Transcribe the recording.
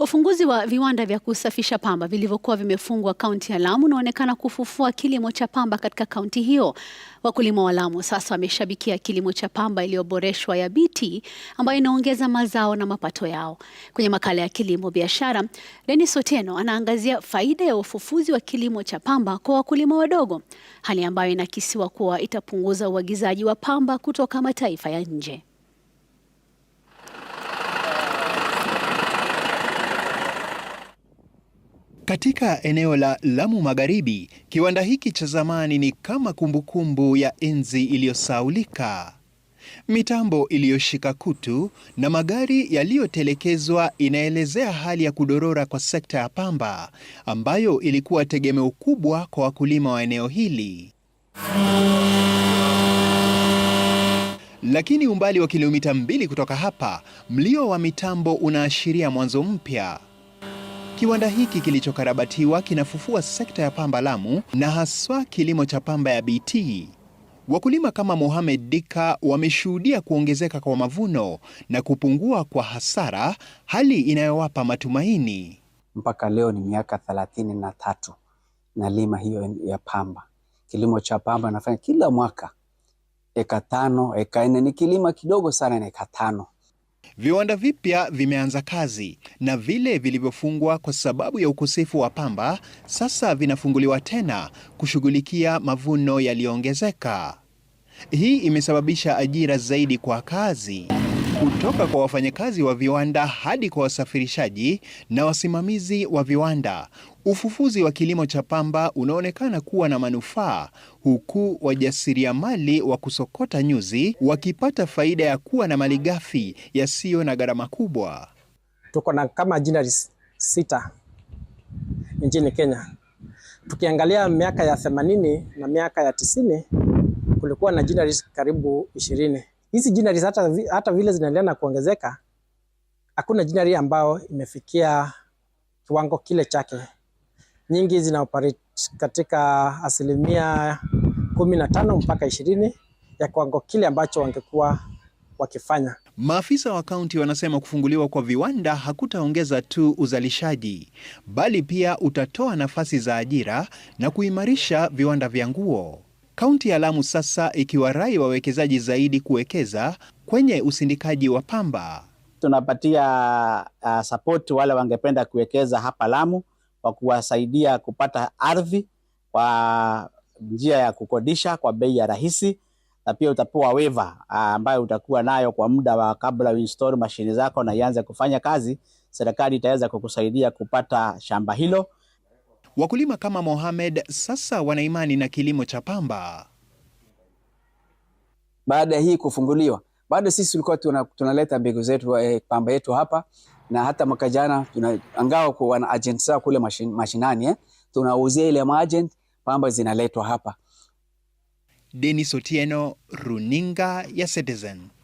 Ufunguzi wa viwanda vya kusafisha pamba vilivyokuwa vimefungwa kaunti ya Lamu unaonekana kufufua kilimo cha pamba katika kaunti hiyo. Wakulima wa Lamu sasa wameshabikia kilimo cha pamba iliyoboreshwa ya BT ambayo inaongeza mazao na mapato yao. Kwenye makala ya kilimo biashara, Dennis Otieno anaangazia faida ya ufufuzi wa kilimo cha pamba kwa wakulima wadogo, hali ambayo inakisiwa kuwa itapunguza uagizaji wa pamba kutoka mataifa ya nje. Katika eneo la Lamu Magharibi, kiwanda hiki cha zamani ni kama kumbukumbu -kumbu ya enzi iliyosaulika. Mitambo iliyoshika kutu na magari yaliyotelekezwa inaelezea hali ya kudorora kwa sekta ya pamba ambayo ilikuwa tegemeo kubwa kwa wakulima wa eneo hili. Lakini umbali wa kilomita mbili kutoka hapa, mlio wa mitambo unaashiria mwanzo mpya. Kiwanda hiki kilichokarabatiwa kinafufua sekta ya pamba Lamu na haswa kilimo cha pamba ya BT. Wakulima kama Mohamed Dika wameshuhudia kuongezeka kwa mavuno na kupungua kwa hasara, hali inayowapa matumaini. Mpaka leo ni miaka thelathini na tatu nalima hiyo ya pamba, kilimo cha pamba nafanya kila mwaka eka tano, eka nne, ni kilima kidogo sana na eka tano. Viwanda vipya vimeanza kazi na vile vilivyofungwa kwa sababu ya ukosefu wa pamba sasa vinafunguliwa tena kushughulikia mavuno yaliyoongezeka. Hii imesababisha ajira zaidi kwa kazi kutoka kwa wafanyakazi wa viwanda hadi kwa wasafirishaji na wasimamizi wa viwanda. Ufufuzi wa kilimo cha pamba unaonekana kuwa na manufaa, huku wajasiriamali wa kusokota nyuzi wakipata faida ya kuwa na malighafi yasiyo na gharama kubwa. Tuko na kama jinari sita nchini Kenya. Tukiangalia miaka ya themanini na miaka ya tisini kulikuwa na jinari karibu ishirini hizi jinari hata, hata vile zinaendelea na kuongezeka, hakuna jinari ambayo imefikia kiwango kile chake. Nyingi zina operate katika asilimia kumi na tano mpaka ishirini ya kiwango kile ambacho wangekuwa wakifanya. Maafisa wa kaunti wanasema kufunguliwa kwa viwanda hakutaongeza tu uzalishaji bali pia utatoa nafasi za ajira na kuimarisha viwanda vya nguo. Kaunti ya Lamu sasa ikiwarai wawekezaji zaidi kuwekeza kwenye usindikaji wa pamba. Tunapatia uh, sapoti wale wangependa kuwekeza hapa Lamu kwa kuwasaidia kupata ardhi kwa njia ya kukodisha kwa bei ya rahisi, na pia utapewa waiver uh, ambayo utakuwa nayo kwa muda wa kabla uinstall mashine zako na ianze kufanya kazi. Serikali itaweza kukusaidia kupata shamba hilo. Wakulima kama Mohamed sasa wana imani na kilimo cha pamba baada ya hii kufunguliwa. Bado sisi tulikuwa tunaleta mbegu zetu eh, pamba yetu hapa na hata mwaka jana kwa wana agent zao kule mashin, mashinani eh, tunauzia ile agent pamba zinaletwa hapa. Denis Otieno, Runinga ya Citizen.